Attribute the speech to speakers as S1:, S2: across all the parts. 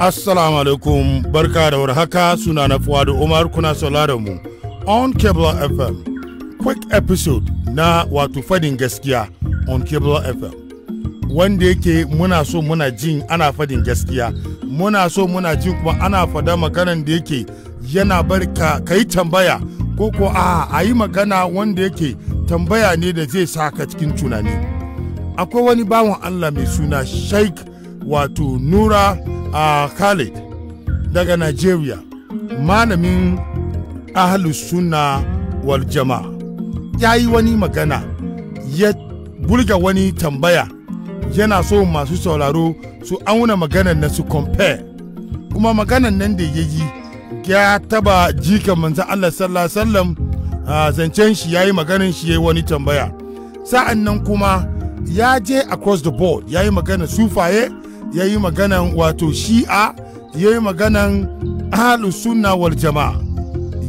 S1: Assalamu alaikum barka da warhaka suna na Fuadu Umar kuna sauraron mu on Cable FM quick episode na wato fadin gaskiya on Cable FM wanda yake muna so muna jin ana fadin gaskiya muna so muna jin kuma ana fada maganan da yake yana barka ka yi tambaya ko ko a a yi magana wanda yake tambaya ne da zai saka cikin tunani akwai wani bawan Allah mai suna Sheikh wato nura a khalid daga nigeria malamin ahalus sunna wal jama'a ya yi wani magana ya bulga wani tambaya yana so masu sauraro su auna maganan na su compare kuma maganan nan da ya yi ya taba jika manzan Allah sallallahu sallam zancen shi ya yi maganin shi ya yi wani tambaya sa'an nan kuma ya je across the board ya yi magana sufaye ya yi maganan wato shi'a ya yi maganan ahalus sunna wal jama'a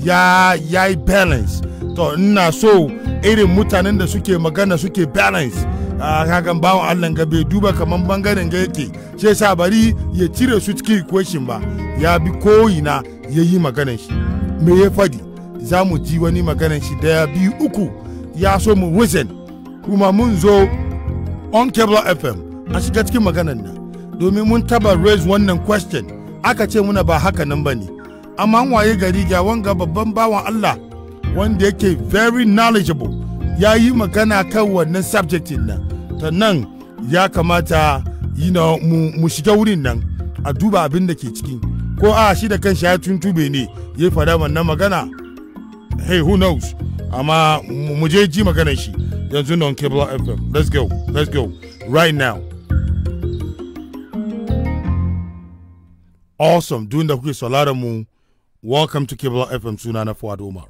S1: ya yi balance to ina so irin mutanen da suke magana suke balance a ah, kan bawan allah ga bai duba kaman bangaren ga yake sai sa bari ya cire su cikin equation ba ya bi koyina ya yi maganan shi me ya fadi za mu ji wani maganan shi daya biyu uku ya so mu wizard kuma mun zo on cable fm a shiga cikin maganan nan domin mun taba raise wannan question aka ce muna ba haka nan ba ne amma waye gari ga wanga babban bawan Allah wanda yake very knowledgeable ya yi magana kan wannan subject nan sannan nan ya kamata yi na mu shiga wurin nan a duba abin da ke cikin ko a shi da kan ya tuntube ne ya fada wannan magana hey who knows amma mu je ji maganar shi yanzu non cable fm let's go let's go right now awesome duk da kuke sauraron mu welcome to Kibla FM suna na Fuad Umar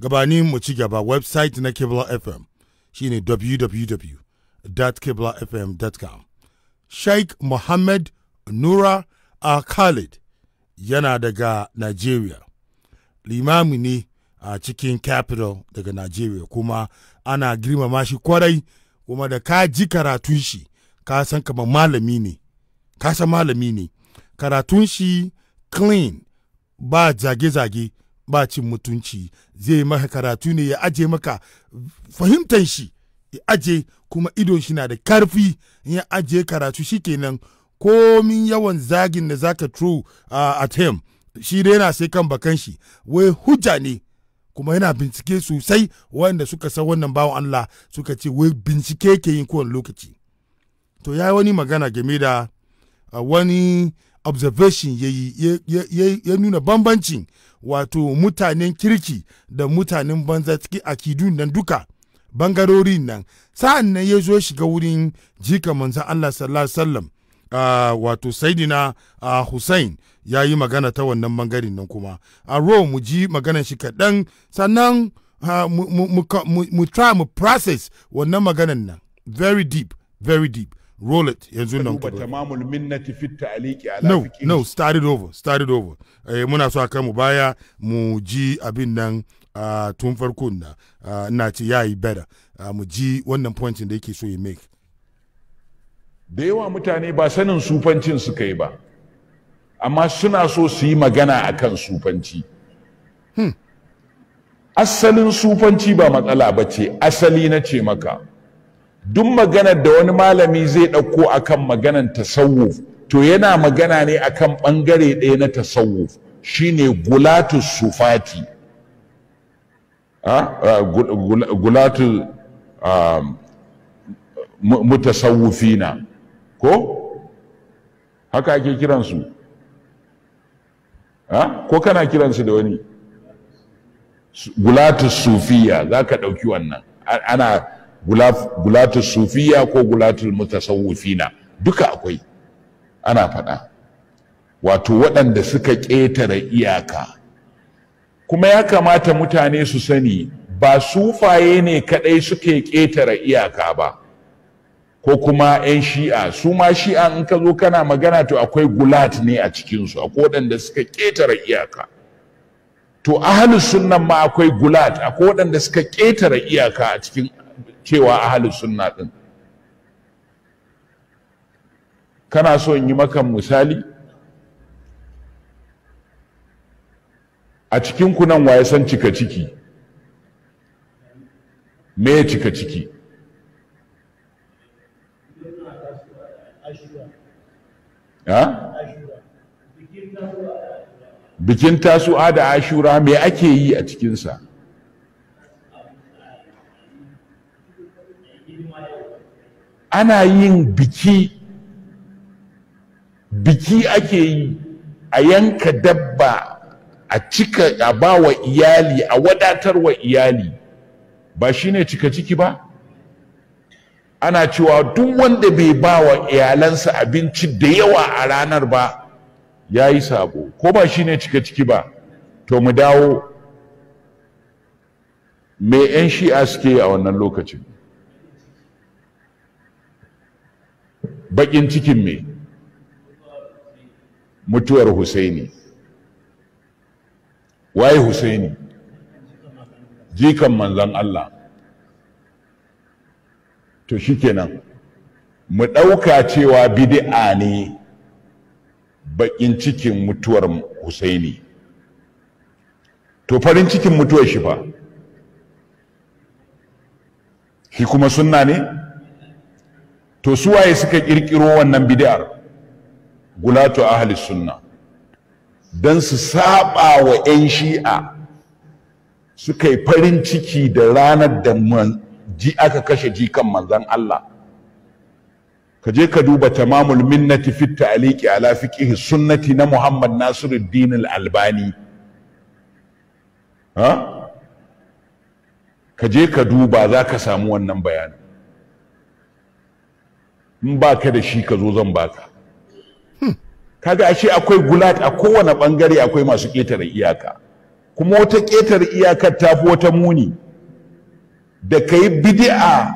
S1: gabanin mu ci gaba website na Kibla FM shine www.kiblafm.com Sheikh Mohammed Nura Al Khalid yana daga Nigeria limami ne a cikin capital daga Nigeria kuma ana girmama shi kwarai kuma da ka ji karatun shi ka san kamar malami ne ka san malami ne karatun shi clean ba zage-zage ba cin mutunci zai maka karatu ne ya aje maka fahimtar shi ya aje kuma ido shi na da karfi ya aje karatu shi shikenan komin yawan zagin da zaka ka uh, at him shi dai yana sai kan bakan shi wai hujja ne kuma yana bincike sosai wanda suka san wannan bawan Allah suka ce wai bincike ke yin kowane lokaci to ya yi wani magana game da uh, wani observation ya yi ya nuna bambancin wato mutanen kirki da mutanen banza ciki kidun nan duka bangarorin nan sa'an nan ya zo shiga wurin jika manzan Allah sallallahu alaihi wasallam wato saidina a Hussein ya yi magana ta wannan bangarin nan kuma a uh, mu ji magana shi kaɗan sannan mu try mu process wannan maganan nan very deep very deep roll it yanzu nan ku tamamul minnati fit ta'liqi ala no no start it over start it over eh, muna so aka mu baya mu ji abin nan ah, tun farko na ah, na ce yayi better ah, mu ji wannan point da yake so ya make da yawa mutane ba sanin sufancin suka yi ba
S2: amma suna so su yi magana akan sufanci hmm. asalin sufanci ba matsala ba ce asali na ce maka duk maganar da wani malami zai ɗauko akan maganar tasawuf to yana magana ne akan ɓangare ɗaya na tasawuf ne gulatus sufati mutasawufi na ko haka ake kiransu ko kana kiransu da wani gulatus sufiya za ka ɗauki wannan ana gulatul sufiya ko gulatul mutasawwifina duka akwai ana faɗa wato waɗanda suka ƙetare iyaka kuma ya kamata mutane su sani ba sufaye ne kaɗai suke ƙetare iyaka ba ko kuma 'yan shi'a su ma shi'a in ka zo kana magana to akwai gulat ne a cikinsu akwai waɗanda suka ƙetare iyaka to ahalus sunnan ma akwai gulat akwai waɗanda suka ƙetare iyaka a cikin cewa ahalus sunna din kana so in yi maka misali a cikin ku nan waye san cika ciki me ya cika ciki bikin tasu'a da ashura me ake yi a cikinsa ana yin biki biki ake yi a yanka dabba a cika a ba wa iyali a wadatar wa iyali ba shi ne cika ciki ba ana cewa duk wanda bai ba wa iyalansa abinci da yawa a ranar ba ya yi sabo ko ba shi ne cika ciki ba to mu dawo me 'yan shi'a suke a wannan lokacin bakin cikin me mutuwar husaini waye husaini jikan manzan Allah to shikenan mu ɗauka cewa bid'a ne bakin cikin mutuwar husaini to farin cikin mutuwar shi fa shi kuma sunna ne to su waye suka kirkiro wannan bid'ar gulatu ahli sunna dan su saba wa 'yan shi'a suka yi farin ciki da ranar da ji aka kashe jikan manzon Allah ka je ka duba tamamul minnati fi ta'liqi ala fiqh sunnati na Muhammad Nasiruddin al-Albani ha ka je ka duba za ka samu wannan bayanin in baka da shi ka zo zan baka kaga ashe akwai gulat a kowane bangare akwai masu ƙetare iyaka kuma wata ƙetare iyakar ta fi wata muni da ka yi bidi'a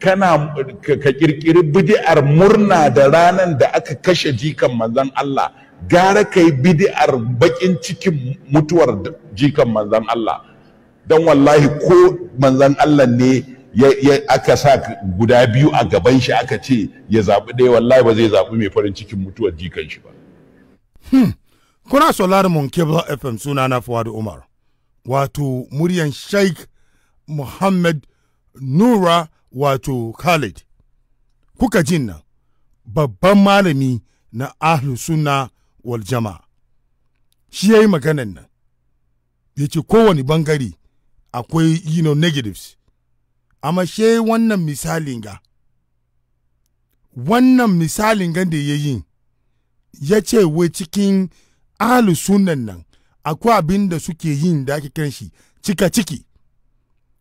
S2: kana ka kirkiri bidi'ar murna da ranar da aka kashe jikan manzan Allah gara ka yi bidi'ar bakin cikin mutuwar jikan manzan Allah don wallahi ko manzan Allah ne aka sa guda biyu a gaban shi aka ce ya zaɓi ɗaya wallahi ba zai zaɓi mai farin cikin mutuwar jikan shi ba.
S1: Hmm. Kuna sauraron mun Kebra FM suna na Fuad Umar. Wato muryan Sheikh Muhammad Nura wato Khalid. Kuka jin nan babban malami na ahlu sunna wal jama'a. Shi ya yi maganan nan. Ya ce kowane bangare akwai you know, negatives. amma she wannan misalin ga wannan misalin gan da ya yi ya ce wai cikin sunan nan akwai abin da suke yin da ake kiran shi cika ciki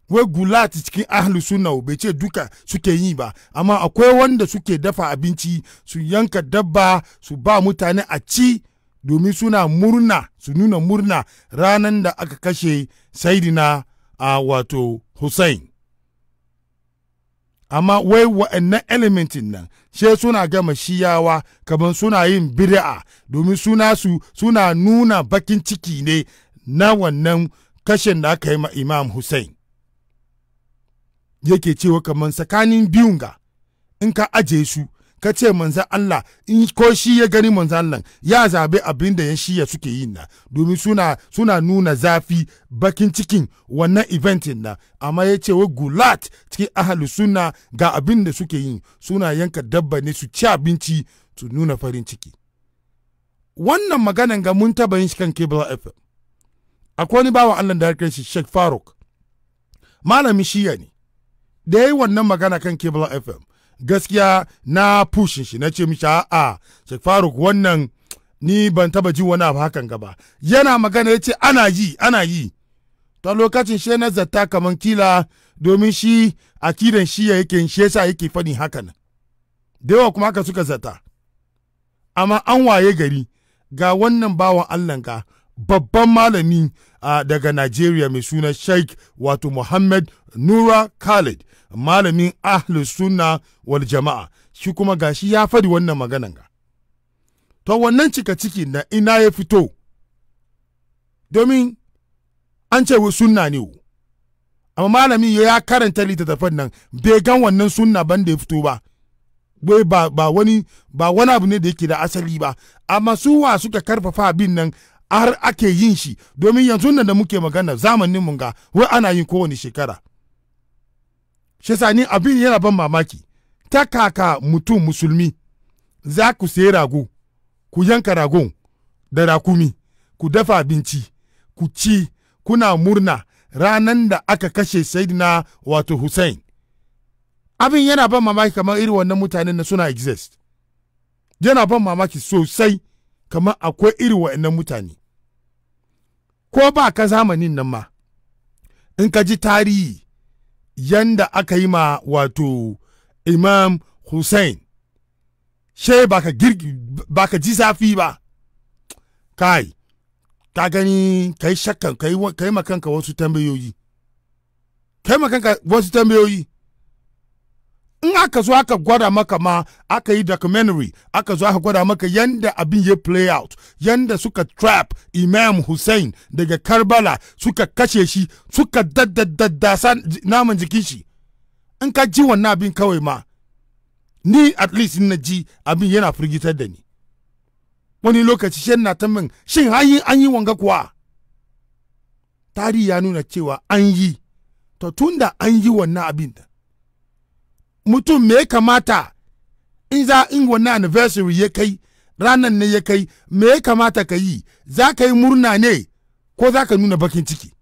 S1: wai gulat cikin ahlu bai ce duka suke yi ba amma akwai wanda suke dafa abinci su yanka dabba su ba mutane a ci domin suna murna su nuna murna ranar da aka kashe saidina a wato hussain amma wai wa'annan elementin nan she suna gama shiyawa kamar suna yin bid'a domin suna su suna nuna bakin ciki ne na wannan kashin da aka yi ma imam hussain yake cewa kamar tsakanin biyun ga in ka aje su ka ce manzan Allah in ko shi ya gani manzan Allah ya zabe abin da ya shiya suke yi na domin suna suna nuna zafi bakin cikin wannan eventin na amma ya ce wa gulat cikin ahalu suna ga abin da suke yi suna yanka dabba ne su ci abinci su nuna farin ciki wannan maganan ga mun taba yin shi kan cable fm akwai wani bawan Allah da harkar shi Sheikh Faruk malamin shiya ne da ya yi wannan magana kan cable fm gaskiya na pushin shi na ce mishi a'a Faruk wannan ni ban taba ji wani abu hakan gaba yana magana ya ce ana yi ana yi ta lokacin shi na zata kamar kila domin shi akidan shi ya yake shi yasa yake fani hakan da yawa kuma haka suka zata amma an waye gari ga wannan bawan Allah ga babban malami daga Najeriya mai suna Sheikh wato Muhammad Nura Khalid malamin ahlu sunna wal jama'a shi kuma gashi ya fadi wannan maganan ga to wannan cika ciki na ina ya fito domin an ce sunna ne amma malami ya karanta littattafan nan bai gan wannan sunna ban da ya fito ba wai ba, ba wani ba wani abu ne da yake da asali ba amma su wa suka karfafa abin nan har ake yin shi domin yanzu nan da muke magana zamanin mun ga wai ana yin kowani shekara shi ni abin yana ban mamaki ta kaka mutum musulmi za ku sayi rago ku yanka ragon da rakumi ku dafa abinci ku ci kuna murna ranan da aka kashe saidina wato hussain abin yana ban mamaki kamar irin wannan mutanen na suna exist yana ban mamaki sosai kamar akwai irin wa'annan mutane ko ba ka zamanin nan ma in ka ji tarihi yanda aka yi ma wato imam hussain she baka girgi baka ji zafi ba kai ka gani kai shakkan kai kai makanka wasu tambayoyi kai makanka wasu tambayoyi in aka zo aka gwada maka ma aka yi documentary aka zo aka gwada maka yanda abin ya play out yanda suka trap imam hussein daga karbala suka kashe shi suka daddasa naman jikin shi in ka ji wannan abin kawai ma ni at least na ji abin yana firgitar da ni wani lokaci shi na ta min shin an yi wanga kuwa tarihi ya nuna cewa an yi to tun da an yi wannan abin da mutum me ya kamata in za in wani anniversary ya kai ranar ne ya kai me ya kamata ka yi za ka yi murna ne ko za ka nuna bakin ciki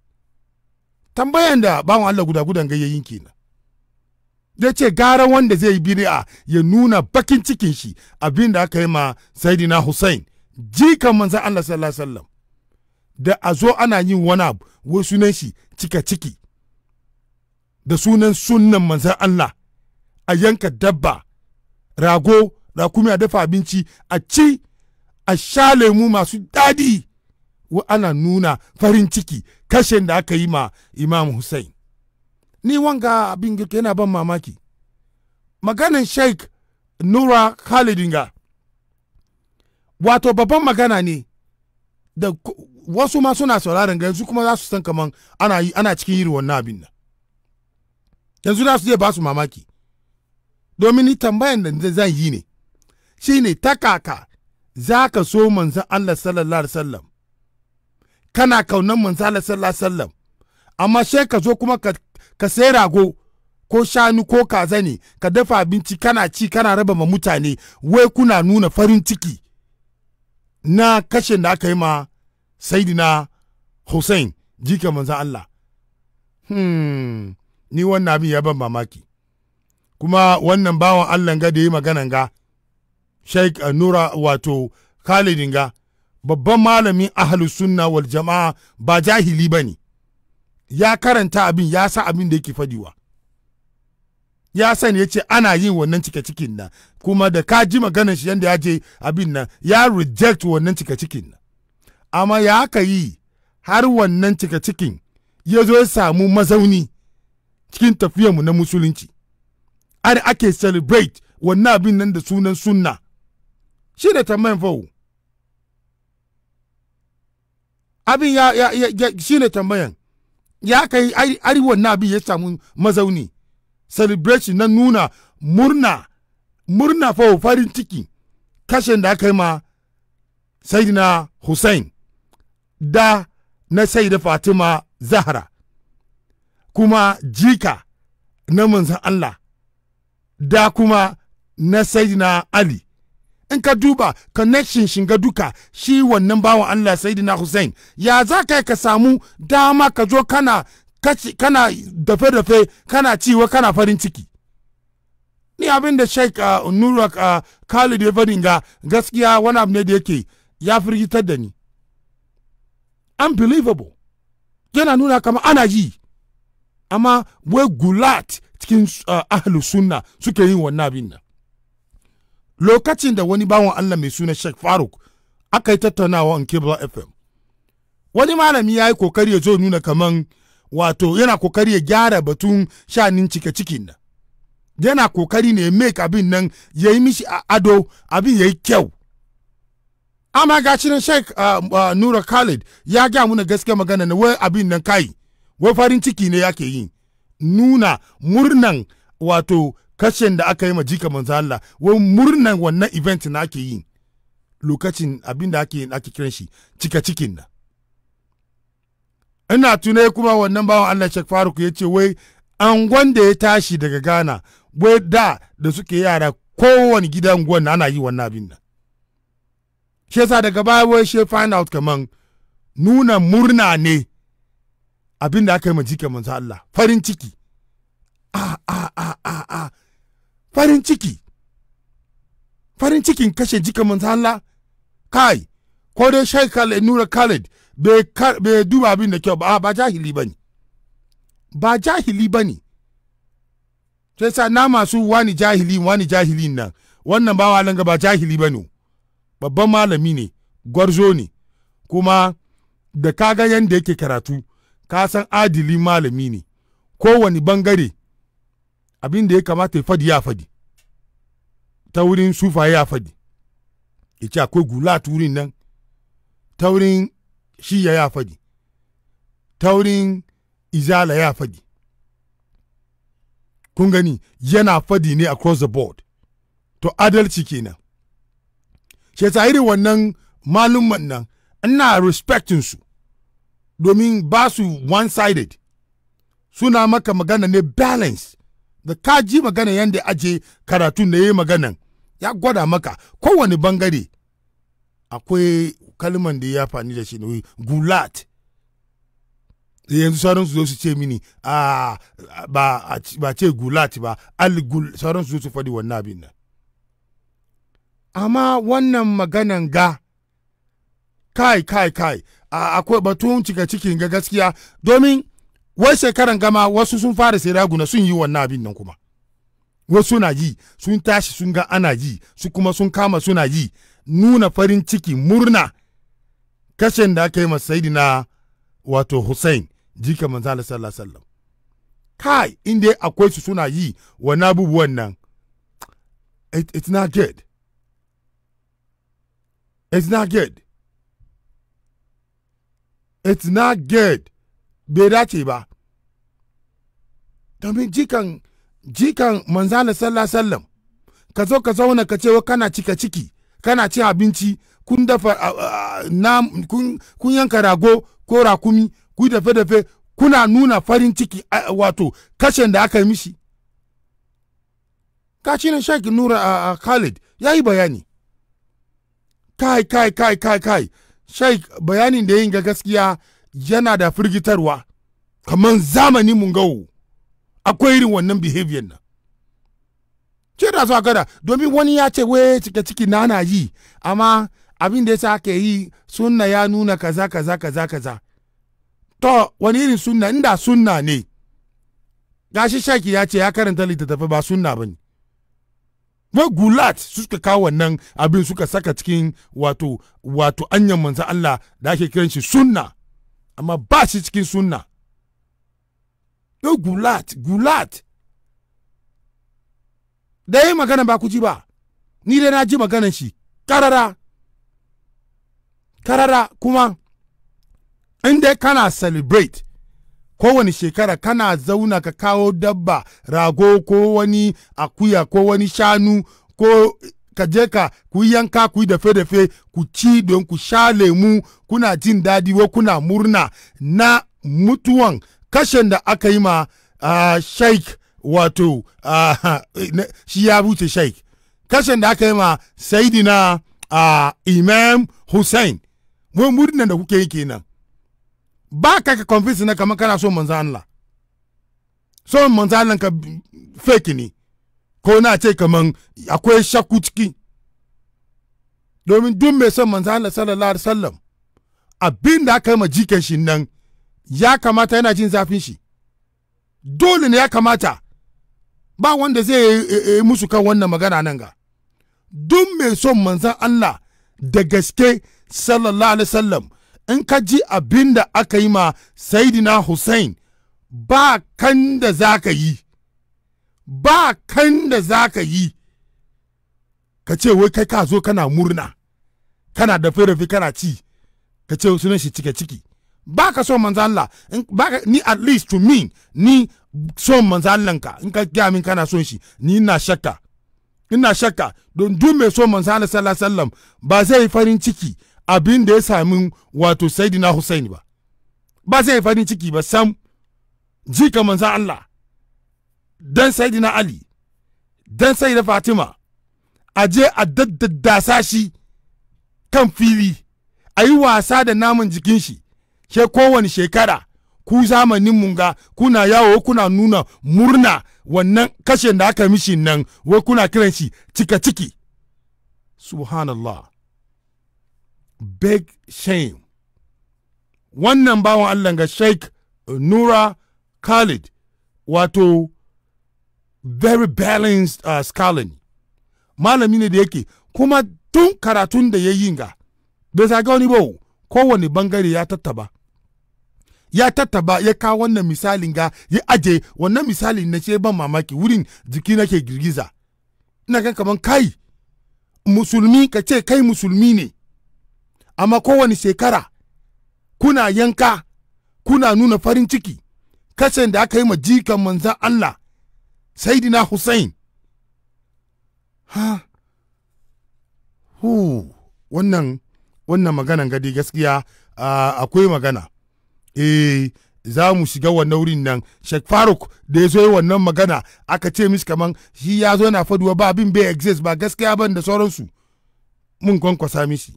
S1: tambayan da bawan Allah guda gudan gayyayin na? ya ce gara wanda zai yi bid'a ya nuna bakin cikin shi abin da aka yi ma saidina Hussein jikan manzan Allah sallallahu da a zo ana yin wani abu wai sunan shi cika ciki da sunan sunnan manzan Allah a yanka dabba rago rakumi a dafa abinci a ci a sha lemu masu daɗi wa ana nuna farin ciki kashe da aka yi ma imam hussain ni wanga abin girka yana ban mamaki maganin sheik nura khalidinga wato babban magana ne da wasu ma suna sauraron ga yanzu kuma za su san kaman ana, ana cikin yiri wannan abin nan yanzu za su je ba su mamaki domin ni tambayan da zan yi ne shi ne ta kaka za ka so manzan Allah sallallahu alaihi wasallam kana kaunan manzan Allah sallallahu alaihi wasallam amma sai ka zo kuma ka sai rago ko shanu ko kaza ne ka dafa abinci kana ci kana raba ma mutane wai kuna nuna farin ciki na kashe da aka yi ma saidina Hussein jika manzan Allah hmm ni wannan abin ya ban mamaki kuma wannan bawan allah ga da yi maganan ga Sheikh nura wato khalidin ga babban malamin ahlu sunna wal jama'a ba jahili ba ne ya karanta abin ya sa abin da yake fadiwa ya sani ya ce ana yin wannan cike cikin nan kuma da ka ji maganar shi yadda ya je abin nan ya reject wannan cike cikin nan amma ya aka yi har wannan cike cikin ya zo ya samu mazauni cikin tafiyarmu na musulunci an ake celebrate wannan abin nan da sunan sunna shi da tambayin fau abin ya, ya, ya, shi ne tambayan ya kai ari wannan abin ya samu mazauni celebration na nuna murna murna fau farin ciki kashin da aka yi ma sayidina hussein da na sayida fatima zahra kuma jika na manzan Allah da kuma na saidina ali in ka duba connection shiga duka shi wannan bawan allah saidina hussein ya za ka ka samu dama ka zo kana kana dafe-dafe kana ciwa kana farin ciki ni abin da sheikh uh, nurak uh, khalid ya faɗin ga gaskiya wani abu ne da yake ya firgitar da ni unbelievable yana nuna kama ana yi amma wai gulat cikin ah, ahlu sunna suke yin wannan abin nan lokacin da wani bawan Allah mai suna Sheikh Faruk aka yi tattaunawa on Cable FM wani malami ya yi kokari ya zo nuna kaman wato yana kokari ya gyara batun shanin cike cikin nan yana kokari ne ya make abin nan ya yi mishi a ado abin ya yi kyau amma ga shi nan sheikh uh, uh, nura khalid ya ga muna gaske magana na wai abin nan kai wai farin ciki ne yake yi nuna murnan wato kashen da aka yi ma jika manzo Allah wai murnan wannan event na ake yi lokacin abin da ake ake kiran shi cika cikin na ina tunai kuma wannan bawan Allah Sheikh Faruk ya ce wai angon da ya tashi daga Ghana wai da da suke yara kowane gidan gwan ana yi wannan abin nan shi yasa daga baya wai she find out kaman nuna murna ne abin da aka yi majike manzo Allah farin ciki a a a a a farin ciki farin cikin kashe jikin manzo Allah kai ko dai Sheikh Khaled Nura Khalid bai duba abin da kyau ba ba jahili bane ba jahili bane sai sa na masu wani jahili wani jahili nan wannan bawa nan ba jahili bane babban malami ne gwarzo ne kuma da kaga yanda yake karatu ka san adili malami ne kowane bangare abin da ya kamata ya fadi ya fadi ta wurin sufa ya fadi ya ce akwai gula turin nan ta wurin shiya ya fadi ta wurin izala ya fadi kun gani yana fadi ne across the board to adalci kenan shi irin wannan malumman nan ina respectin su domin ba su one-sided suna maka magana ne balance da ka ji magana yadda aje karatu na ya yi maganan ya gwada maka kowane bangare akwai kalman da ya fani da shi ne gulat da yanzu sauran su zo su ce mini a ba ce gulat ba algul sauran su zo su faɗi wannan abin nan amma wannan maganan ga kai kai kai akwai batun cika ciki ga gaskiya domin wai shekaran gama wasu sun fara sai raguna sun yi wannan abin nan kuma wasu na yi sun tashi sun ga ana yi su kuma sun kama suna yi nuna farin ciki murna kashen da aka yi masa na wato hussain jika manzala sallallahu sallam kai inda akwai su suna yi wani abubuwan nan it, it's not good it's not good it's not good bai dace ba domin jikan jikan manzana sallah sallam ka zo ka zauna ka cewa kana cika ciki kana cin abinci kun dafa kun yanka rago ko rakumi ku dafe dafe kuna nuna farin ciki wato kashen da aka yi mishi ka nan shaki nura a khalid ya yi bayani kai kai kai kai kai sheik bayanin da yin ga gaskiya yana da firgitarwa kamar zamani mun gawo akwai irin wannan behavior nan ce da zuwa gada domin wani ya ce wai cike ciki na na yi amma abin da yasa ake yi sunna ya nuna kaza kaza kaza kaza to wani irin sunna inda sunna ne gashi shaki ya ce ya karanta littattafai ba sunna ne. wai gulat su suka kawo wannan abin suka saka cikin wato wato anyan manzan Allah da ake kiran shi sunna amma ba shi cikin sunna yau gulat gulat da yi magana ba ku ji ba ni da na ji maganan shi karara karara kuma in dai kana celebrate kowane shekara kana zauna ka kawo dabba rago ko wani akuya ko wani shanu ko ka je ka ku yanka ku yi dafe-dafe ku ci don ku sha lemu kuna jin daɗi wa kuna murna na mutuwan kashen da aka yi ma wato shi ya wuce sheik kashen da aka yi ma saidina uh, imam hussein mun murnan da kuke yi kenan ba ka ka convince na kamar kana so manzo Allah so manzo Allah ka fake ni ko na ce kamar akwai shakku ciki domin duk mai son manzo Allah sallallahu alaihi wasallam abin da aka yi ma shi nan ya kamata yana jin zafin shi dole ne ya kamata ba wanda zai yi musu kan wannan magana nan ga duk mai son manzan Allah da gaske sallallahu alaihi wasallam in ka ji abin da aka yi ma Saidina Hussein ba kan da za ka yi, ba kan da za ka yi, ka ce wai kai ka zo kana murna, kana da rafi kana ci, ka ce sunan shi cike ciki. Ba ka so manzo Allah, ni at least to me, ni so manzo Allah ka, in ka gaya min kana son shi, ni ina shakka. Ina shakka, don duk mai so manzo Allah sallallahu alaihi wasallam ba zai farin ciki abin da ya sami wato saidina Hussein ba ba zai farin ciki ba sam ji jika manzan Allah dan saidina Ali dan saidina Fatima a je a daddasa shi kan fili a yi wasa da naman jikin shi ke kowane shekara ku zamanin munga kuna yawo kuna nuna murna wannan kashe da aka mishi nan wai kuna kiran shi cika ciki subhanallah big shame wannan bawan allah ga sheikh uh, nura khalid wato very balanced uh, scholar malami ne da yake kuma tun karatun da ya yi ga bai zaga wani bau kowane bangare ya tattaba ya tattaba ya kawo wannan misalin ga ya aje wannan misalin na ce ban mamaki wurin jiki nake girgiza ina kan kaman kai musulmi ka ce kai musulmi ne amma kowane shekara kuna yanka kuna nuna farin ciki kasan da aka yi ma jikan manzan Allah Saidina Hussein ha hu wannan wannan maganan gadi gaskiya akwai magana eh za mu shiga wannan wurin nan Sheikh Faruk da ya zo yi wannan magana aka ce mishi kaman shi ya zo yana faduwa ba abin bai exist ba gaskiya ban da sauransu mun kwankwasa mishi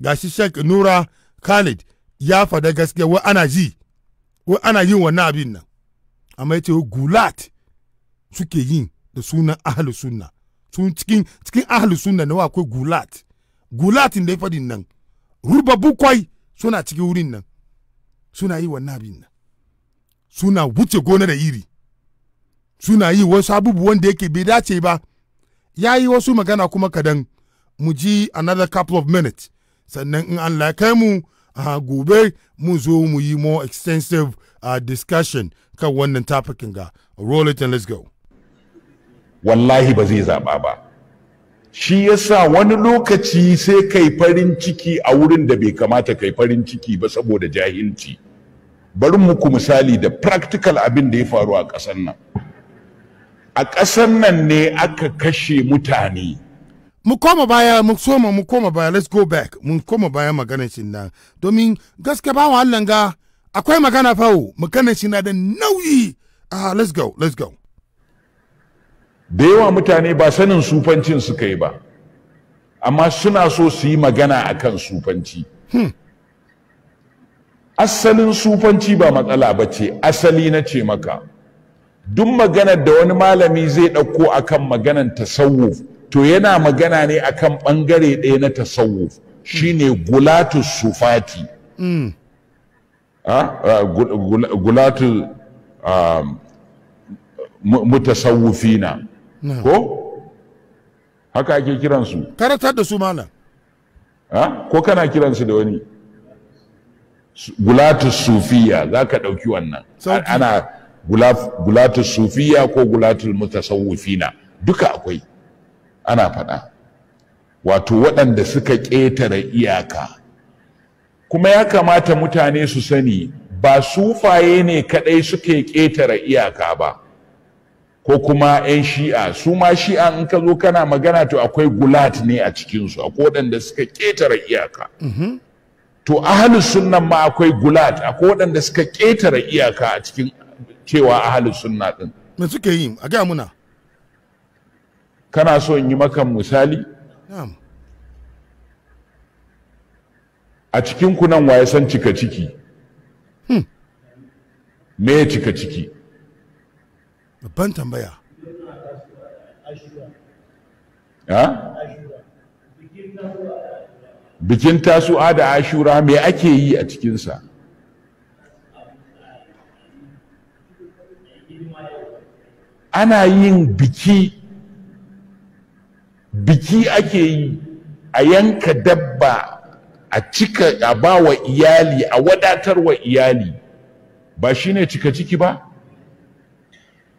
S1: gashi Sheikh Nura Khalid ya fada gaskiya wai ana ji wai ana yin wannan abin nan amma yace gulat suke yin da sunan ahlus sunna sun cikin cikin ahlus sunna ne akwai gulat gulat da ya fadin nan ruba bukwai suna cikin wurin nan suna yi wannan abin nan suna wuce gona da iri suna yi wasu abubuwan da yake bai dace ba ya yi wasu magana kuma kadan mu ji another couple of minutes sannan in Allah kai mu a gobe mu zo mu yi more extensive uh, discussion kan wannan tafikin ga roll it and let's go
S2: wallahi ba zai zaɓa ba
S1: shi yasa wani lokaci sai kai farin ciki a
S2: wurin da bai kamata kai farin ciki ba saboda jahilci bari muku misali da practical abin da ya faru a ƙasar nan a ƙasar nan ne aka
S1: kashe mutane mu koma baya mu soma mu koma baya let's go back mu koma baya magana shi nan domin gaske ba wa ga akwai magana mu magana shi na da nauyi ah let's go let's go da yawa mutane ba
S2: sanin sufancin su yi ba amma suna so su yi magana akan sufanci hmm. asalin sufanci ba matsala ba ce asali na ce maka duk maganar da wani malami zai ɗauko akan maganar tasawuf to yana magana ne akan ɓangare ɗaya na tasawuf ne gulatus sufati mm. ah, ah, gulatus um, mutasawufina ko haka ake kiransu karatar da su mana ah, ko kana kiransu da wani gulatus sufiya za ka ɗauki wannan ana gulatul sufiya ko gulatul mutasawwifina duka akwai ana faɗa wato waɗanda suka ƙetare iyaka kuma ya kamata mutane su sani ba sufaye ne kaɗai suke ƙetare iyaka ba ko kuma 'yan shi'a su ma shi'a in ka zo kana magana to akwai gulat ne a cikinsu akwai waɗanda suka ƙetare iyaka mm-hmm. to ahalus sunnan ma akwai gulat akwai waɗanda suka ƙetare iyaka a cikin cewa ahalus sunna din me suke yi a ga muna kana so in yi maka misali na'am a cikin ku nan waye san cika ciki hmm. me ya cika ciki
S1: babban tambaya
S2: ha bikin tasu'a da ashura me ake yi a cikinsa ana yin biki biki ake yi a yanka dabba a cika a ba wa iyali a wadatar wa iyali ba shi ne cika ciki ba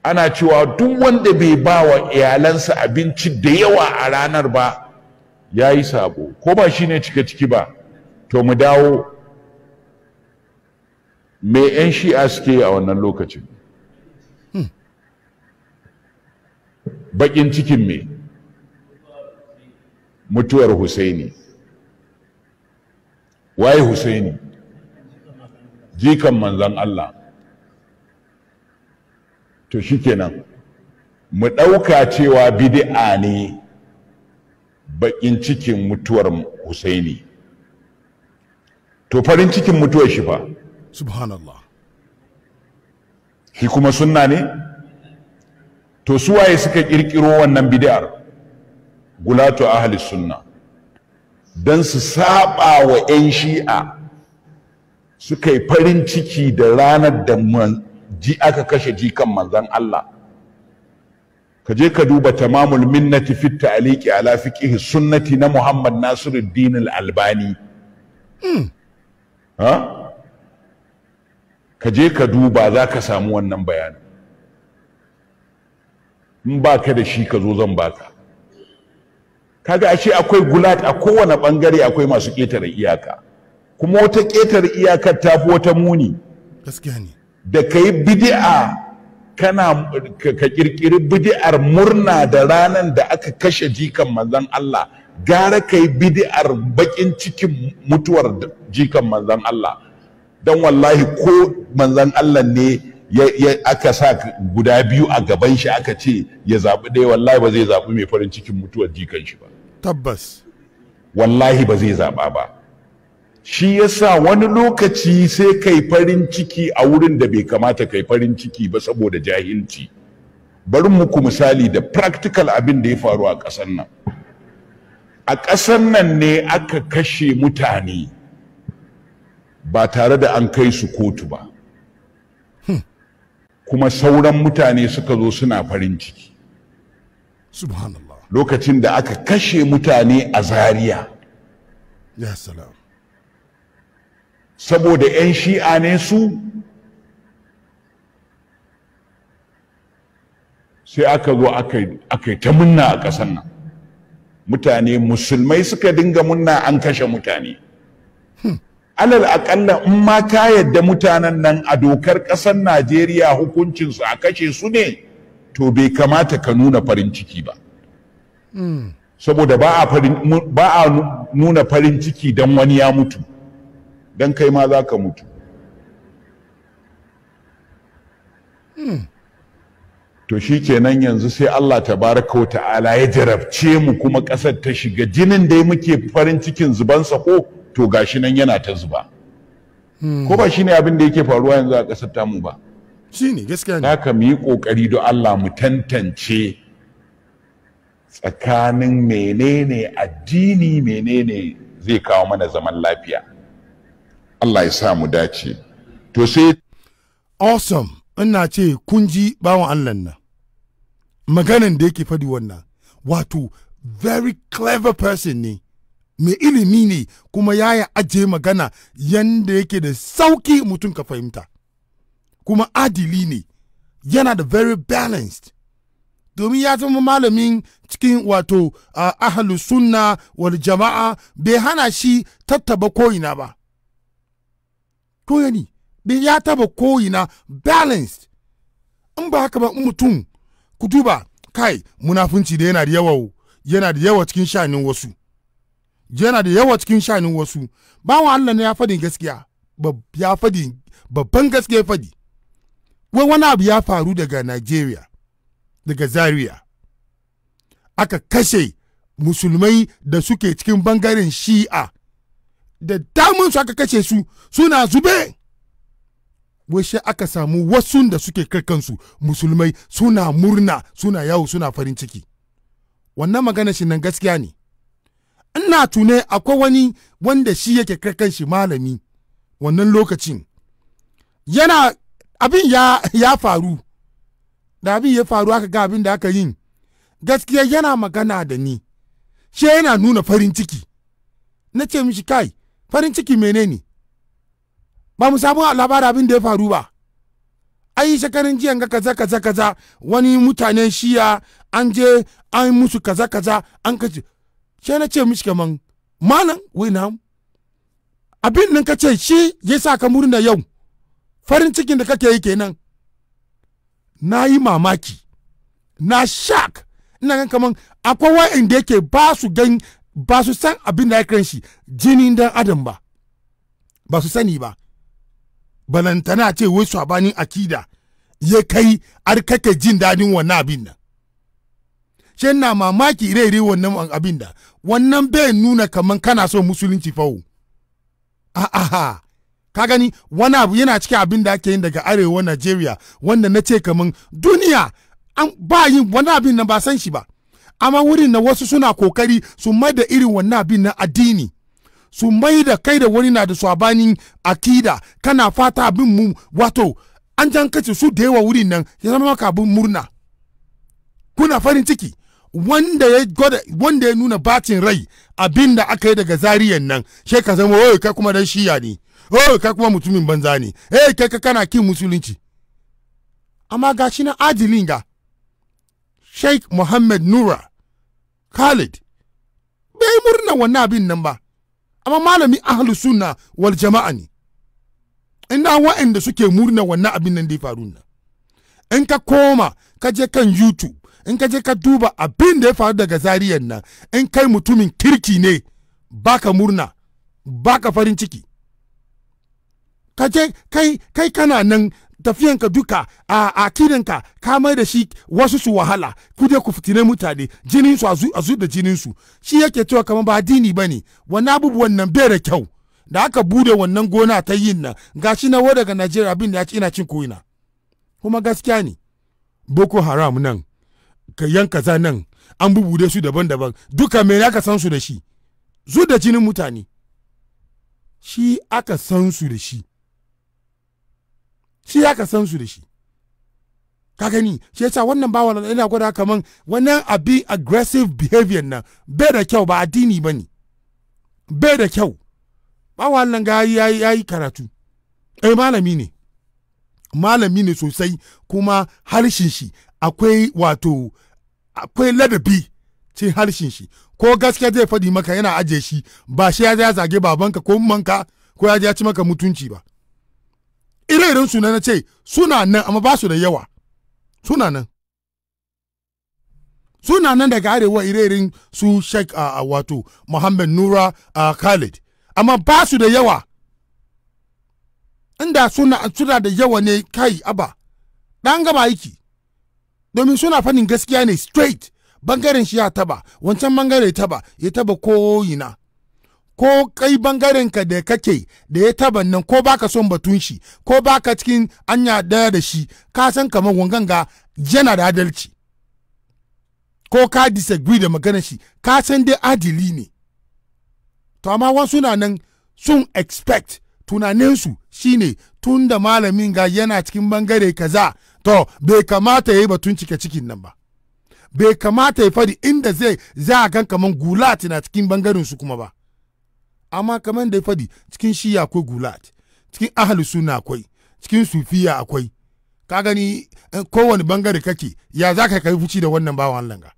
S2: ana cewa duk wanda bai ba wa iyalansa abinci da yawa a ranar ba ya yi sabo ko ba shi ne cika ciki ba to mu dawo me 'yan shi'a suke a wannan lokacin bakin cikin me mutuwar husaini waye husaini jikan manzan Allah to shikenan mu ɗauka cewa bid'a ne bakin cikin mutuwar husaini to farin cikin mutuwar shi fa
S1: subhanallah
S2: shi kuma sunna ne to su waye suka kirkiro wannan bid'ar gulatu ahli sunna dan su saba wa 'yan shi'a suka yi farin ciki da ranar da ji aka kashe jikan manzon Allah ka je ka duba tamamul minnati fit ta'liqi ala fiqh sunnati na Muhammad Nasiruddin al-Albani hmm. ha ka je ka duba za ka samu wannan bayanin in ba ka da shi ka zo zan baka kaga ashe akwai gulat a kowane ɓangare akwai masu ƙetare iyaka kuma wata ƙetare iyakar ta fi wata muni da ka yi bidi'a kana ka ƙirƙiri bidi'ar murna da ranar da aka kashe jikan manzon Allah gara ka yi bidi'ar baƙin cikin mutuwar jikan manzon Allah dan wallahi ko manzon Allah ne aka sa guda biyu a gaban shi aka ce ya zaɓi ɗaya wallahi ba zai zaɓi mai farin cikin mutuwar jikan shi ba tabbas wallahi ba zai zaɓa ba shi sa wani lokaci sai kai farin ciki a wurin da bai kamata kai farin ciki ba saboda jahilci bari muku misali da practical abin da ya faru a ƙasar nan a ƙasar nan ne aka kashe mutane ba tare da an kai su kotu ba kuma sauran mutane suka zo suna farin ciki lokacin da aka kashe mutane a zaria saboda 'yan shi'a ne su sai aka zo aka yi ta munna a ƙasar nan mutane musulmai suka dinga munna an kashe mutane alal akalla in ma ta yadda mutanen nan a dokar ƙasar najeriya hukuncinsu a kashe su ne to bai kamata ka nuna farin ciki ba hmm. saboda ba a nuna farin ciki don wani ya mutu don kai ma za ka mutu hmm. to shi kenan yanzu sai Allah tabaraka wa ta'ala ya jarabce mu kuma ƙasar ta shiga jinin da muke farin cikin zubansa ko to gashi nan yana ta zuba ko ba shine abin da yake faruwa yanzu a ƙasar tamu ba shine gaskiya ne haka mu yi kokari don Allah mu tantance tsakanin menene addini menene zai kawo mana zaman lafiya
S1: Allah ya sa mu dace to sai awesome ina ce kun ji bawan Allah nan maganan da yake faɗi wannan wato very clever person ne mai ilimi ne kuma ya yaya ajiye magana yanda yake da sauki mutum ka fahimta kuma adili ne yana da very balanced domin ya zama malamin cikin wato uh, ahalu sunna wal jama'a bai hana shi tattaba ko'ina ba koyani bai ya taba ko'ina balanced in ba haka ba mutum ku duba kai munafunci da yana da yawa yana da yawa cikin sha'anin wasu yana da yawa cikin shanin wasu bawan Allah ne ya fadin gaskiya ya fadin babban gaskiya fadi wai wani abu ya faru daga Nigeria daga Zaria aka kashe musulmai da suke cikin bangaren shi'a da damun su aka kashe su suna zube wai shi aka samu wasu da suke kai musulmai suna murna suna yawo suna farin ciki wannan magana shi nan gaskiya ne ina tune akwai wani wanda shi yake kai shi malami wannan lokacin yana abin ya, ya faru da abin ya faru aka ga abin da aka yin gaskiya yana magana da ni shi yana nuna farin ciki na ce mishi kai farin ciki menene ba mu samu labarin abin da ya faru ba ai shekarun jiyan ga kaza kaza kaza wani mutanen shiya an je an musu kaza kaza an kace sai na ce mishi kaman malam wai na abin nan ka ce shi ya sa ka murna yau farin cikin da kake yi kenan na yi mamaki na shak ina gan kaman akwai da yake ba su gan ba su san abin da ya kan shi jinin dan adam ba ba su sani ba balantana ce wai sabanin akida ya kai har kake jin dadin wannan abin nan shi na mamaki ire wannan abin da wannan bai nuna kaman kana so musulunci fau a'a ka gani wani abu yana cikin abin da ake yin daga arewa Najeriya wanda na ce kaman duniya an ba yi wani abin na ba san shi ba amma wurin na wasu suna kokari su mai da irin wannan abin na addini su mai da kai da wani na da sabanin akida kana fata abin mu wato an jan kace su da yawa wurin nan ya zama maka abin murna kuna farin ciki wanda ya gwada wanda ya nuna bacin rai abin da aka yi daga zariyan nan she ka zama oyo kai kuma dan shiya ne oyo kai kuma mutumin banza ne eh kai ka kana kin musulunci amma ga shi na adilin ga sheikh muhammad nura khalid bai murna wannan abin nan ba amma malami ahlus sunna wal jama'a ne Ina wa'anda suke murna wannan abin nan da ya faru nan in ka koma ka je kan youtube in ka je ka duba abin da ya faru daga zariyan nan in kai mutumin kirki ne baka murna baka farin ciki ka je kai kai kana nan tafiyanka duka a kidanka ka mai da shi wasu su wahala ku je ku fitine mutane jinin su a azu da jinin su shi yake cewa kamar ba addini bane wannan abubuwan nan bai da kyau da aka bude wannan gona ta yin nan gashi na wa daga Najeriya bin da ya ci ina cin koyina kuma gaskiya ne Boko Haram nan ka yanka za nan an bubude su daban-daban duka me aka san su da shi zu da jinin mutane shi aka san su da shi shi aka san su da shi ka gani shi yasa wannan bawan yana gwada kaman wannan abi aggressive behavior nan bai da kyau ba addini ba bai da kyau bawa nan ga ya yi karatu eh malami ne malami ne sosai kuma harshen shi akwai wato akwai ladabi ce harshen shi ko gaskiya zai faɗi maka yana ajiye shi ba shi ya zage babanka ko manka ko ya ya ci maka mutunci ba ire irin suna na ce suna nan amma ba su da yawa suna nan suna nan daga arewa ire irin su sheik a wato muhammad nura uh, khalid amma ba su da yawa inda suna, suna da yawa ne kai aba ɗan gaba aiki domin suna fannin gaskiya ne straight bangaren shi ya taba wancan bangare ya taba ya taba ko ina ko kai bangaren ka da kake da ya taba nan ko baka son batun shi ko baka cikin anya daya da shi ka san kamar ga yana da adalci ko ka disagree da maganar shi ka san dai adili ne to amma wasu na nan sun expect tunaninsu shine tun da malamin ga yana cikin bangare kaza to bai kamata ya yi batun cike cikin nan ba bai kamata ya fadi inda zai za a kan kaman gulat na cikin bangaren su kuma ba amma kaman da ya fadi cikin shiya akwai gulat cikin ahli suna akwai cikin sufiya akwai ka gani eh, kowane bangare kake ya za ka kai fuci da wannan bawan langa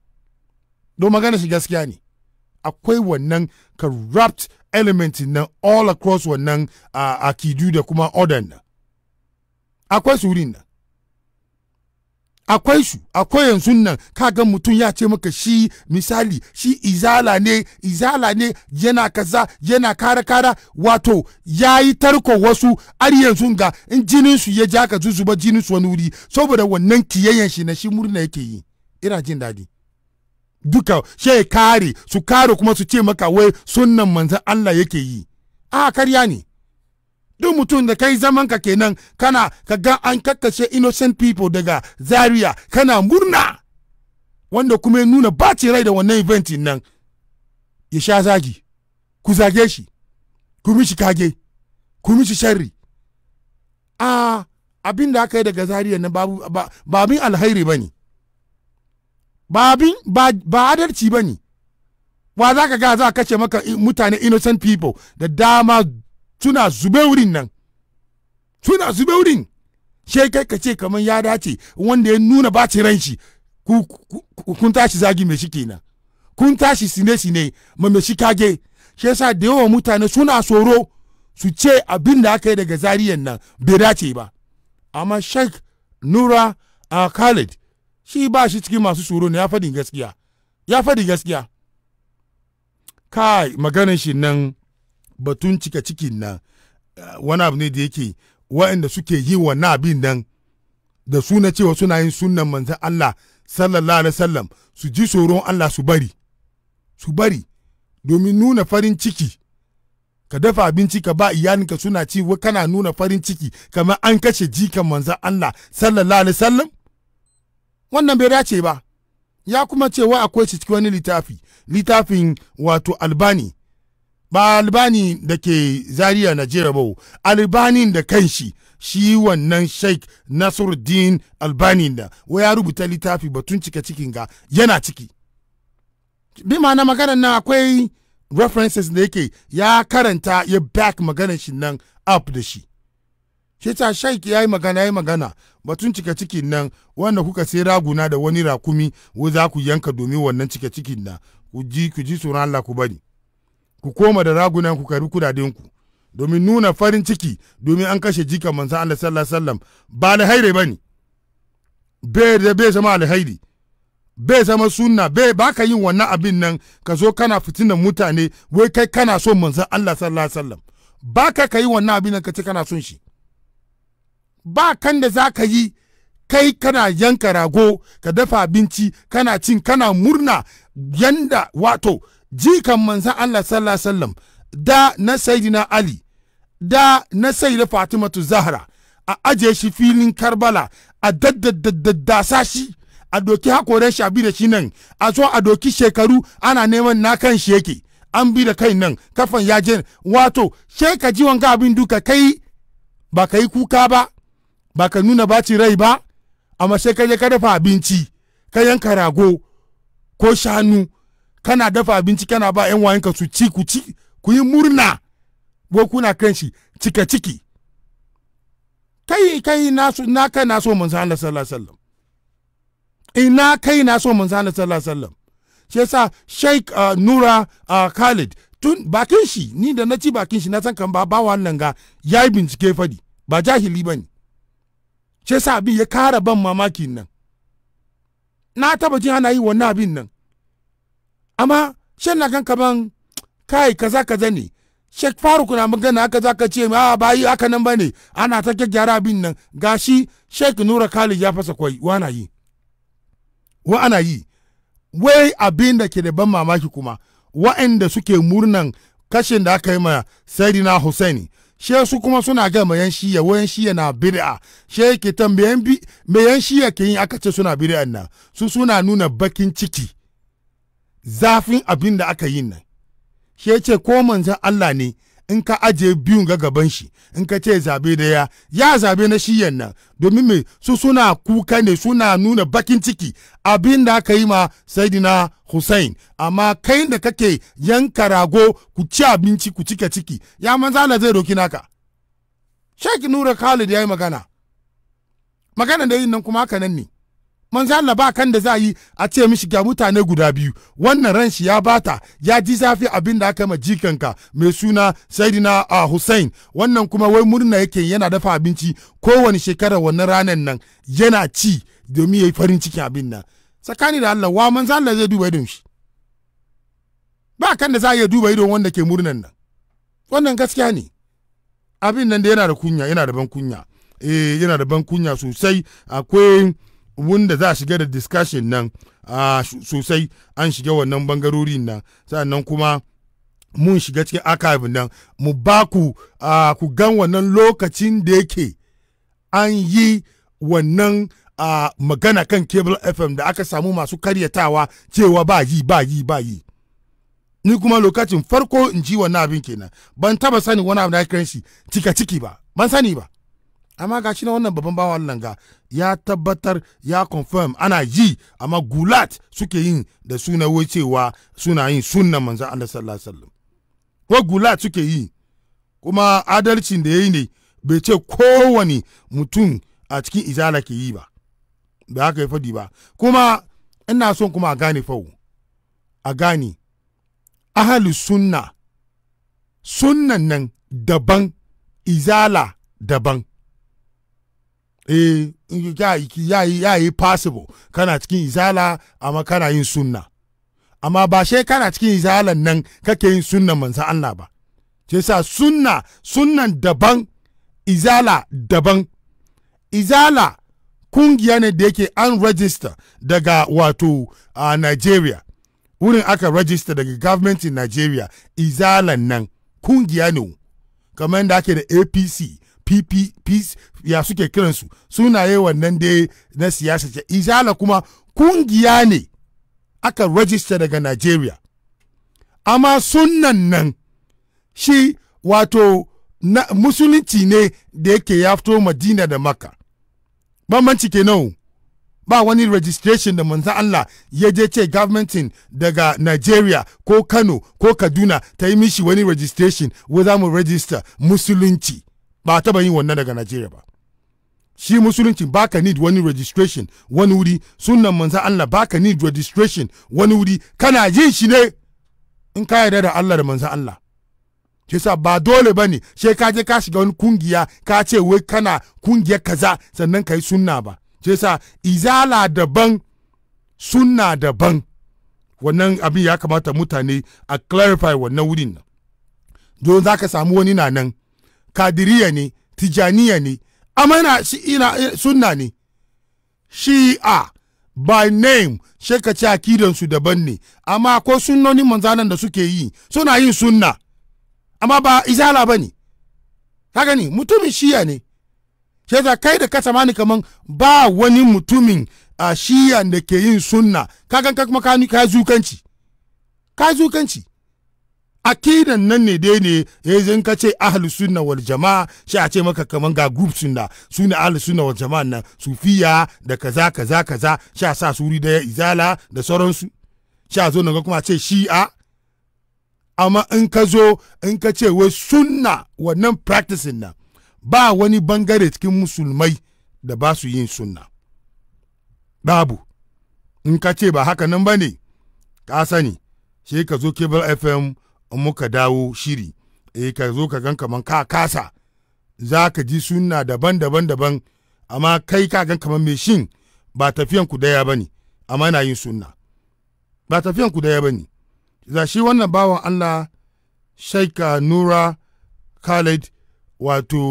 S1: don magana shi gaskiya ne akwai wannan corrupt element na all across wannan a ah, akidu da kuma order na akwai surin nan akwai su akwai yanzu nan kaga mutum ya ce maka shi misali shi izala ne izala ne yana kaza yana kara kara wato ya yi tarko wasu har yanzu ga in jinin su ya ja ka zuzuba jinin su wani wuri saboda wannan kiyayen shi na shi murna yake yi ina jin daɗi duka shi kare su kare kuma su ce maka wai sunnan manzan Allah yake yi a karya ne duk mutum da kai zaman ka kenan kana ka ga an kakkashe innocent people daga zaria kana murna wanda kuma ya nuna bace rai da wannan event nan ya sha zagi ku zage shi ku mishi kage ku mishi sharri a abin da aka yi daga zaria na babu ba abin alhairi ba ne ba abin ba adalci ba ne wa za ka ga za a kace maka mutane innocent people da dama suna zube wurin nan suna zube wurin sai kai ka ce kamar ya dace wanda ya nuna bacin ran shi kun tashi zagi mai shi kenan kun tashi sine sine ma mai shi kage shi yasa da yawa mutane suna tsoro su ce abin da aka yi daga zariyan nan bai dace ba amma sheikh nura a khalid shi ba shi cikin masu tsoro ne ya faɗi gaskiya ya faɗi gaskiya kai maganin shi nan batun cika cikin nan eh, wani abu ne da yake waɗanda suke yi wannan abin nan da suna cewa suna yin sunan manzan Allah sallallahu alaihi wasallam su ji tsoron Allah su bari su bari domin nuna farin ciki ka dafa abinci ka ba iyalinka suna ci wa kana nuna farin ciki kamar an kashe jikan manzan Allah sallallahu alaihi wasallam wannan bai dace ba ya kuma cewa akwai shi cikin wani littafi littafin wato albani ba albani da ke zaria najeriya ba albanin da kanshi shi wannan sheikh nasiruddin albani da wa ya rubuta littafi batun cika cikin ga yana ciki bi ma'ana maganar nan akwai references da yake ya karanta ya back maganar shi nan up da shi shi ta sheik ya yi magana ya yi magana batun cika cikin nan wanda kuka sai raguna da wani rakumi wo za ku yanka domin wannan cika cikin nan ku ji ku ji tsoron Allah ku bari ku koma da ragunan ku kari kudaden ku domin nuna farin ciki domin an kashe jikan manzon Allah sallallahu alaihi wasallam ba alhairi bane bai da bai zama alhairi bai zama sunna bai baka yin wannan abin nan ka zo kana fitinan mutane wai kai kana son manzon Allah sallallahu alaihi wasallam baka ka yi wannan abin nan ka ce kana son shi ba kan da za ka yi kai kana yanka rago ka dafa abinci kana cin kana murna yanda wato jikan manzan Allah sallallahu alaihi wasallam da na sayyidina Ali da na sayyida Fatimatu Zahra a aje shi filin Karbala a daddasa shi a doki hakoren shi a bi da shi nan a zo a doki shekaru ana neman na kan shi yake an bi da kai nan kafan ya je wato sai ka ji wanga abin duka kai ba ka yi kuka ba ba ka nuna baci rai ba amma sai ka je ka dafa abinci ka yanka rago ko shanu kana dafa abinci kana ba 'yan wayanka su ci ku ci ku yi murna ko kuna kan shi cika ciki kai kai na kai na so manzo Allah sallallahu alaihi ina eh, kai na so manzo Allah sallallahu alaihi wasallam Sheikh uh, Nura uh, Khalid tun bakin shi ni da na ci bakin shi na san kan ba ba wannan ga yayi bincike fadi ba jahili bane shi yasa abin ya kara ban mamakin nan na taba jin ana yi wannan abin nan amma shan na kan kaman kai kaza kaza ne Sheikh Faruk na magana aka za ka ce a ba yi aka nan bane ana ta gyara abin nan gashi Sheikh Nura kali ya fasa kwai wa ana yi wa ana yi wai abin da ke da ban mamaki kuma wa'anda suke murnan kashin da aka yi ma Sayyidina Husaini she su kuma suna ga mayan shiya wayan shiya na bid'a she yake tambayan bi mayan shiya ke yin aka ce suna bid'an nan su suna nuna bakin ciki zafin abin da aka yi nan shi ya ce ko manzan Allah ne in ka aje biyun ga gaban shi in ka ce zabe da ya ya zabe na shiyan nan domin me su suna kuka ne suna nuna bakin ciki abin da aka yi ma saidina Hussein amma kai da kake yanka rago ku ci abinci ku cika ciki ya manza na zai roki naka Sheikh Nura Khalid ya yi magana magana da yin nan kuma haka nan ne manzo Allah ba kan da za yi a ce mishi ga mutane guda biyu wannan ran shi ya bata ya ji zafi abin da aka ma jikanka mai suna Saidina a ah, Hussein wannan kuma wai murna yake yana dafa abinci kowane shekara wannan ranan nan yana ci domin yayi farin ciki abin nan tsakani da Allah wa manzo Allah zai duba idon shi ba kan da za a ya duba idon wanda ke murnan nan wannan gaskiya ne abin nan da yana da kunya yana da ban kunya eh yana da ban kunya sosai akwai wanda za a shiga da discussion nan sosai an shiga wannan bangarorin nan sannan kuma mun shiga cikin archive nan mu ba ku ku gan wannan lokacin da yake an yi wannan magana kan cable fm da aka samu masu karyatawa cewa ba yi ba yi ba yi ni kuma lokacin farko in ji wannan abin kenan ban taba sani wani abin da kiran shi cika ciki ba ban sani ba amma ga shi na wannan babban bawan Allah ga ya tabbatar ya confirm ana yi amma gulat suke yin da suna wucewa suna yin sunan manzan Allah sallallahu alaihi wasallam ko gulat suke yi kuma adalcin da yayi ne bai ce kowane mutum a cikin izala ke yi ba da haka ya fadi ba kuma ina son kuma a gane fau a gane ahalu sunna sunnan nan daban izala daban eh ya yi possible kana cikin izala amma kana yin sunna amma ba she kana cikin izalan nan kake yin sunnan manzan Allah ba ce sa sunna sunnan daban izala daban izala kungiya ne da yake an rajista daga wato a Najeriya Nigeria wurin aka rajista daga government in Nigeria izalan nan kungiya ne kamar da ake da APC pp ya suke kiransu sunaye wannan dai na siyasa ce izala kuma kungiya ne aka rajista daga nigeria amma sunan nan shi wato na musulunci ne da yake ya fito madina da makka bambanci kenan ba wani registration da manzan Allah ya je ce gwamnatin daga Nigeria ko Kano ko Kaduna ta yi mishi wani registration wai za mu register musulunci ba taba yin wannan daga Najeriya ba shi musulunci baka need wani registration wani wuri sunan manzan Allah baka need registration wani wuri kana yin shi ne in ka yarda da Allah da manzan Allah shi sa ba dole ba ne she ka je ka shiga wani kungiya ka ce wai kana kungiya kaza sannan ka yi sunna ba shi sa izala daban sunna daban wannan abin ya kamata mutane a clarify wannan wurin nan don za ka samu wani na nan kadiriya ne tijaniya ne amana ina eh, sunna ne shi'a by name sai ka ci akidansu daban ne amma ko sunnoni manzanan da suke yi suna yin sunna amma ba izala ba ne ka gani mutumin shiya ne shi kai da kasa mani kaman ba wani mutumin a shiya da ke yin sunna ka gan ka kuma ka zukanci ka zukanci akidan nan ne dai ne ya eh, in ka ce ahlu sunna wal jama'a shi a ce maka kaman ga group sunna suna ahlu wal jama'a nan sufiya da kaza kaza kaza a sa suri da izala da sauransu a zo nan kuma ce shi'a amma in ka zo in ka ce wai sunna wannan practicing nan ba wani bangare cikin musulmai da ba su yin sunna babu in ka ce ba haka nan ba ne ka sani shi ka zo cable fm in muka dawo shiri eh ka zo ka gan kaman ka kasa za ka ji suna daban-daban daban amma kai ka gan kaman mai shin ba tafiyan ku daya bane amma ina yin suna ba tafiyan ku daya bane za shi wannan bawan Allah Shaika uh, Nura Khalid wato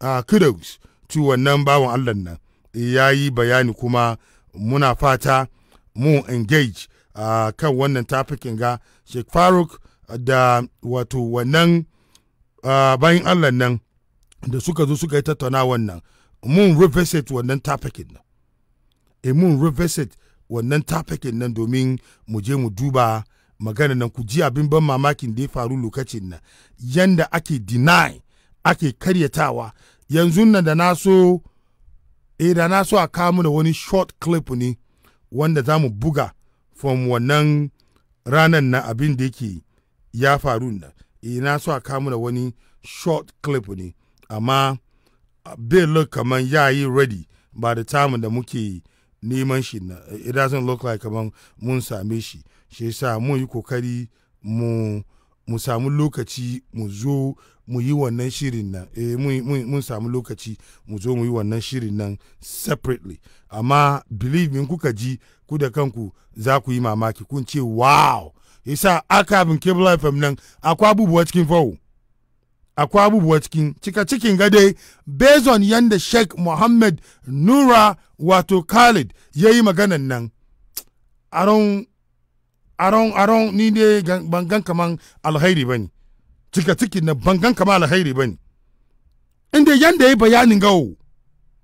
S1: uh, kudos to wannan bawan Allah nan eh, ya yi bayani kuma muna fata mu engage uh, kan wannan tafikin ga Sheikh Faruk da wato wannan bayan allah nan da suka zo suka yi tattauna wannan mun revisit wannan tafakin nan e eh, mun revisit wannan tafakin nan domin mu je mu duba magana nan ku ji abin ban mamakin da ya faru lokacin nan yanda ake deny ake karyatawa yanzu nan da na so eh da na so a kamu da wani short clip ne wanda za mu buga from wannan ranar na abin da yake ya faru da ina eh, so a da wani short clip ne amma bai look kamar ya yi ready ba da tamu da muke neman shi na it doesn't look like kamar mun same shi shi yasa mun yi kokari mu mu samu lokaci mu zo mu yi wannan shirin nan eh mun samu lokaci mu zo mu yi wannan shirin nan separately amma believe me kuka ji ku da kanku za ku yi mamaki kun ce wow aka akabin cable fm nan akwai abubuwa cikin fawo akwai abubuwa cikin cika cikin gade based on yanda sheikh mohammed nura wato khalid ya yi maganan nan aron aron aron ni ne bangan kaman alhairi ba ne cika cikin na bangan kaman alhairi ba ne inda yanda ya yi bayanin gawo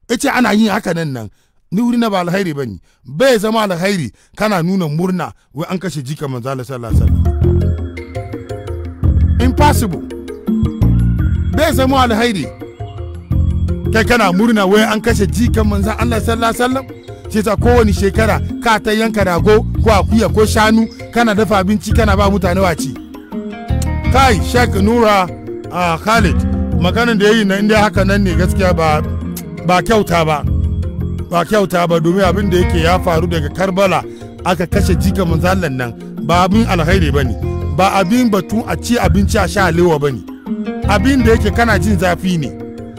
S1: ita ana yin haka nan nan ni wuri na ba alhairi bane bai zama alkhairi kana nuna murna wai an kashe jika manzo Allah sallallahu alaihi wasallam impossible bai zama alkhairi kai kana murna wai an kashe jikan manzo Allah sallallahu alaihi wasallam shi ta kowane shekara ka ta yanka rago ko akuya ko shanu kana dafa abinci kana ba mutane waci kai Sheikh Nura a ah, Khalid maganin da yayi na inda haka nan ne gaskiya ba ba kyauta ba ba kyauta ba domin abin da yake ya faru daga karbala aka kashe jika manzalan nan ba abin alhairi ba ne ba abin batu a ci abinci a sha alewa ba ne abin da yake kana jin zafi ne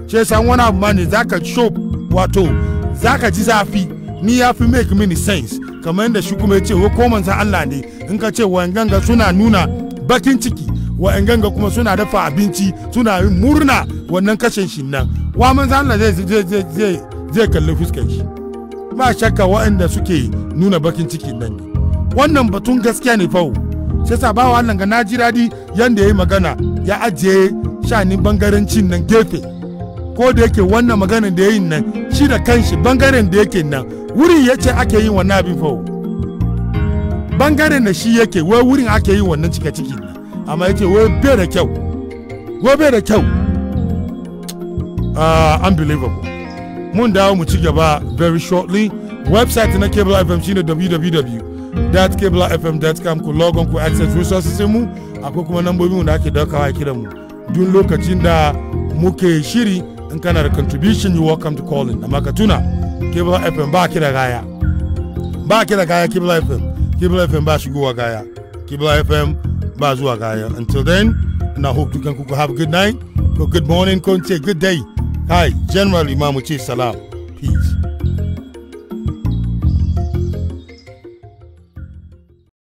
S1: ce san wani abu ma ne zaka sho wato zaka ji zafi ni ya fi make mini sense kamar yadda shi kuma ya ce ko manzan Allah ne in ka ce wa'anganga suna nuna bakin ciki wa'anganga kuma suna dafa abinci suna yin murna wannan kashe shi nan wa manzan Allah zai zai kalli fuskar shi ba shakka waɗanda suke nuna bakin ciki nan ne wannan batun gaskiya ne fawo sai sa ba wannan ga najira di yanda yayi magana ya ajiye shanin bangarancin nan gefe ko da yake wannan magana da yayin nan shi da kanshi bangaren da yake nan wurin yace ake yin wannan abin fawo bangaren da shi yake wai wurin ake yin wannan cika ciki amma yace wai bai da kyau wai bai da kyau uh, unbelievable mun dawo mu ci gaba very shortly website na cable fm shine www.cablefm.com ku logon ku access resources mu akwai kuma nambobin mu da ake daukawa kiran mu duk lokacin da muke shiri in kana da contribution you welcome to call in amma ka tuna cable fm ba ki da gaya ba ki da gaya cable fm cable fm ba shigowa gaya cable fm ba zuwa gaya until then and i hope you can have a good night or good morning ko good day Hi, General Imam Chief Salam. Peace.